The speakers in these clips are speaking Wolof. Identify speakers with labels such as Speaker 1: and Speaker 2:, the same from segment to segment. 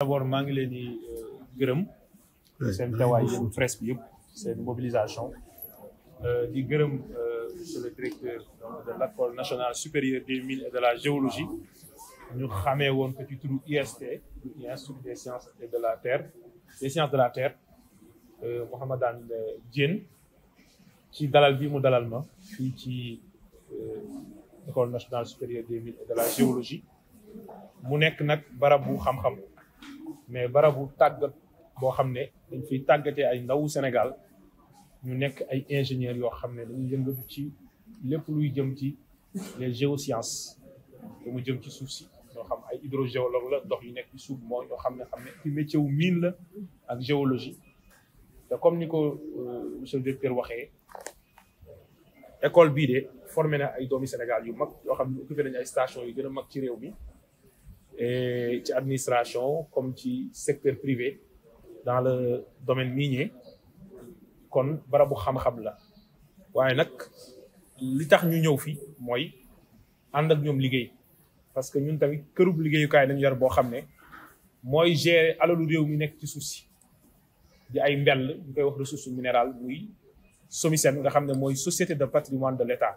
Speaker 1: d'abord maa ngi euh, grum euh, di gërëm presse c'est mobilisation di grum le directeur de l'école nationale supérieure des mines et de la géologie ñu xamee un petit ci turu IST institut des sciences et de la terre des sciences de la terre euh, Mohamed Djinn, ci dalal bi mu dalal ma est ci l'École nationale supérieure des mines et de la géologie mu nekk un barab bu mais barabu tàggat bo xamné dañ fiy tagaté ay ndaw Sénégal ñu nek ay ingénieurs yo xamné ne dañuy yëngatu ci lépp luy jëm ci les géosciences te mu jëm ci souci si xam ay hydrogéologue la dox yu nek ci suuf mo ñoo xamné xamné ci métier wu mine la ak géologie da comme ni euh, monsieur le directeur waxee école bi dé formé na ay doomi Sénégal yu mag yo xam ne occupé nañu ay station yu gëna mag ci réew mi et ci administration comme ci secteur privé dans le domaine minier kon barabu xam-xam la waaye nak li tax ñu ñëw fi mooy ànd ak ñoom liggéey parce que ñun tamit kërub liggéeyukaay lañu yor boo xam ne mooy gérer alalu réew mi nekk ci suuf si di ay mbell ñu koy wax ressource minérale muy SOMISEN nga xam ne mooy société de patrimoine de l'État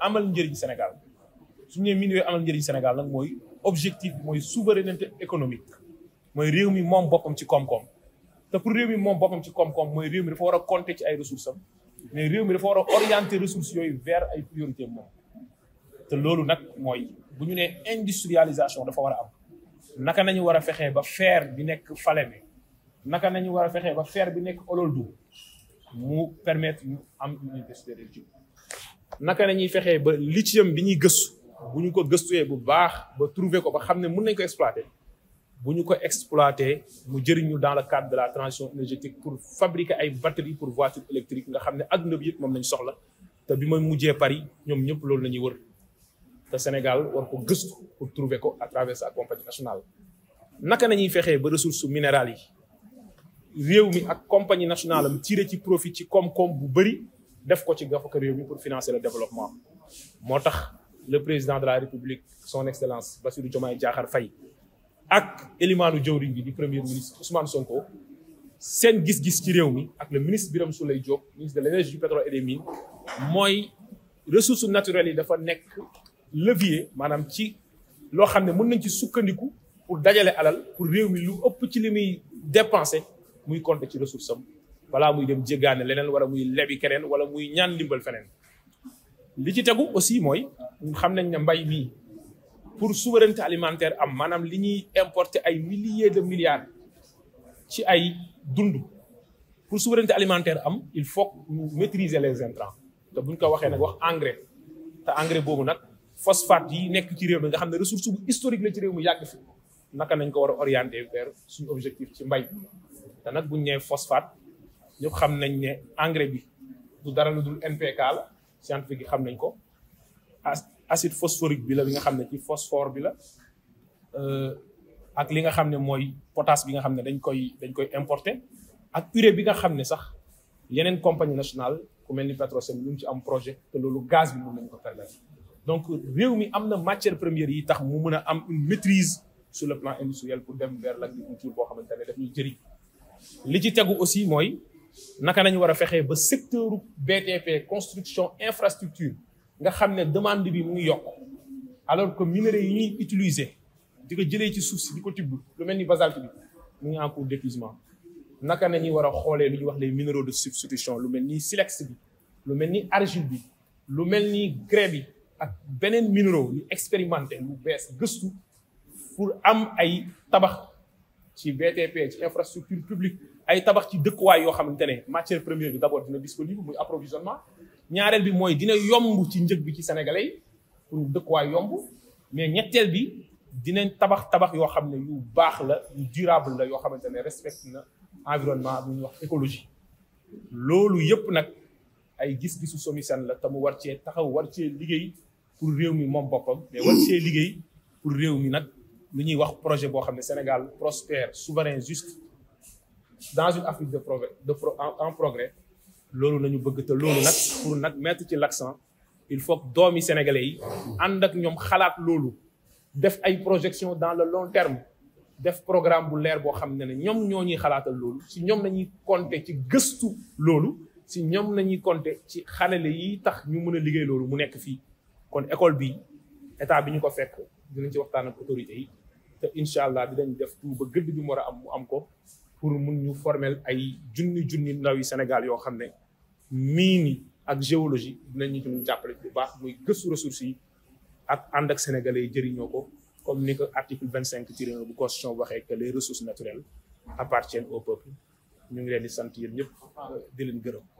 Speaker 1: amal njëriñ Sénégal su ñu nee mine yooyu amal njëriñ Sénégal nag mooy objectif mooy souveraineté économique mooy réew mi moom boppam ci koom-koom te pour réew mi moom boppam ci koom-koom mooy réew mi dafa war a compter ci ay ressources am mais réew mi dafa war a orienter ressources yooyu vers ay priorités moom te loolu nag mooy bu ñu nee industrialisation dafa war a am naka nañu war a fexee ba fer bi nekk Falémé naka nañu war a fexee ba fer bi nekk Ololdu mu permettre ñu am une université de naka la fexé ba lithium bi ñuy bu ko bu trouver ko exploiter dans le cadre de la transition énergétique pour fabriquer des batteries pour voiture électrique nga xamné ne bi lañ soxla Paris trouver à travers sa compagnie nationale. naka fexé ba ressources minérales yi mi compagnie nationale am tiré profit ci def ko ci gafaku réew mi pour financer le développement moo tax le président de la république son excellence Bassirou Diomaye Diakhar fay ak élimaanu jëwriñ bi di premier ministre Ousmane Sonko seen gis-gis ci réew mi ak le ministre biram Souleye Diop ministre de l'énergie du pétrole et des mines mooy ressources naturelles yi dafa nekk levier maanaam ci loo xam ne mën nañ ci sukkandiku pour dajale alal pour réew mi lu ëpp ci li muy dépenser muy compter ci ressource am balaa muy dem jéggaane leneen wala muy lebi keneen wala muy ñaan ndimbal feneen li ci tegu aussi mooy xam nañ ne mbay mii pour souveraineté alimentaire am maanaam li ñuy importé ay milliers de milliards ci ay dund pour souveraineté alimentaire am il faut ñu maîtriser les intrants te buñ ko waxee nag wax engrais te engrais boobu nag phosphate yi nekk ci réew mi nga xam ne ressource bu historique la ci réew mi yàgg fi naka nañ ko war a orienter suñu objectif ci mbay nag buñ ñëpp xam nañ ne engrais bi du dara lu dul NPK la scientifique yi xam nañ ko acide phosphorique bi la bi nga xam ne ci phosphore bi la euh, ak li nga xam ne mooy potasse bi nga xam ne dañ koy dañ koy importer ak urée bi nga xam ne sax yeneen compagnie nationale ku mel ni Petrosen ñu ngi ci am projet te loolu gaz bi mën lañ ko permettre donc réew mi am na matière première yi tax mu mën a am une maîtrise sur le plan industriel pour dem vers l'agriculture boo xamante ne daf ñuy jëriñ li ci tegu aussi mooy naka nañu war a fexee ba secteur BTP construction infrastructure nga xam ne demande bi mu ngi yokk alors que minerais yi ñuy utiliser di ko jëlee ci suuf si di ko tibb lu mel ni basalte bi mu ngi en cours d'épuisement naka nañuy war a xoolee lu ñuy wax les minéraux de substitution lu mel ni silex bi lu mel ni argile bi lu mel ni grès bi ak beneen minéraux ñu expérimenté lu bees gëstu pour am ay tabax ci BTP ci infrastructure publique ay tabax ci dëkkuwaay yoo xamante ne matière première bi d'abord dina disponible muy approvisionnement ñaareel bi mooy dina yomb ci njëg bi ci sénégalais yi pour dëkkuwaay yomb mais ñetteel bi dinañ tabax tabax yoo xam ne yu baax la yu durable la yoo xamante ne respecte na environnement bu ñuy wax écologie loolu yëpp nag ay gis-gisu SOMISEN la te mu war cee taxaw war cee liggéey pour réew mi moom boppam mais war cee liggéey pour réew mi nag lu ñuy wax projet boo xam ne Sénégal prospère souverain juste dans une Afrique de progrès de pro en progrès loolu nañu bëgg te loolu nag pour nag mettre ci l'accent il faut que doomi sénégalais yi ànd ak ñoom xalaat loolu def ay projections dans le long terme def programme bu leer boo xam ne ne ñoom ñoo ñuy xalaatal loolu si ñoom nañuy compter ci gëstu loolu si ñoom nañuy compter ci xalale yi tax ñu mën a liggéey loolu mu nekk fii kon école bi état bi ñu ko fekk dinañ ci waxtaan ak autorité yi te incha allah dinañ def tout ba gëdd bi mu a am mu am ko pour mun ñu formel ay junni junni ndaw yi Sénégal yoo xam ne miin yi ak géologie dinañ ñu ci mun jàppale bu baax muy gëstu ressources yi ak ànd ak sénégalais yi jëriñoo ko comme ni ko article vingt cinq tiré bu constitution waxee que les ressources naturelles appartiennent au peuple ñu ngi leen di sant yéen ñëpp di leen gërëm.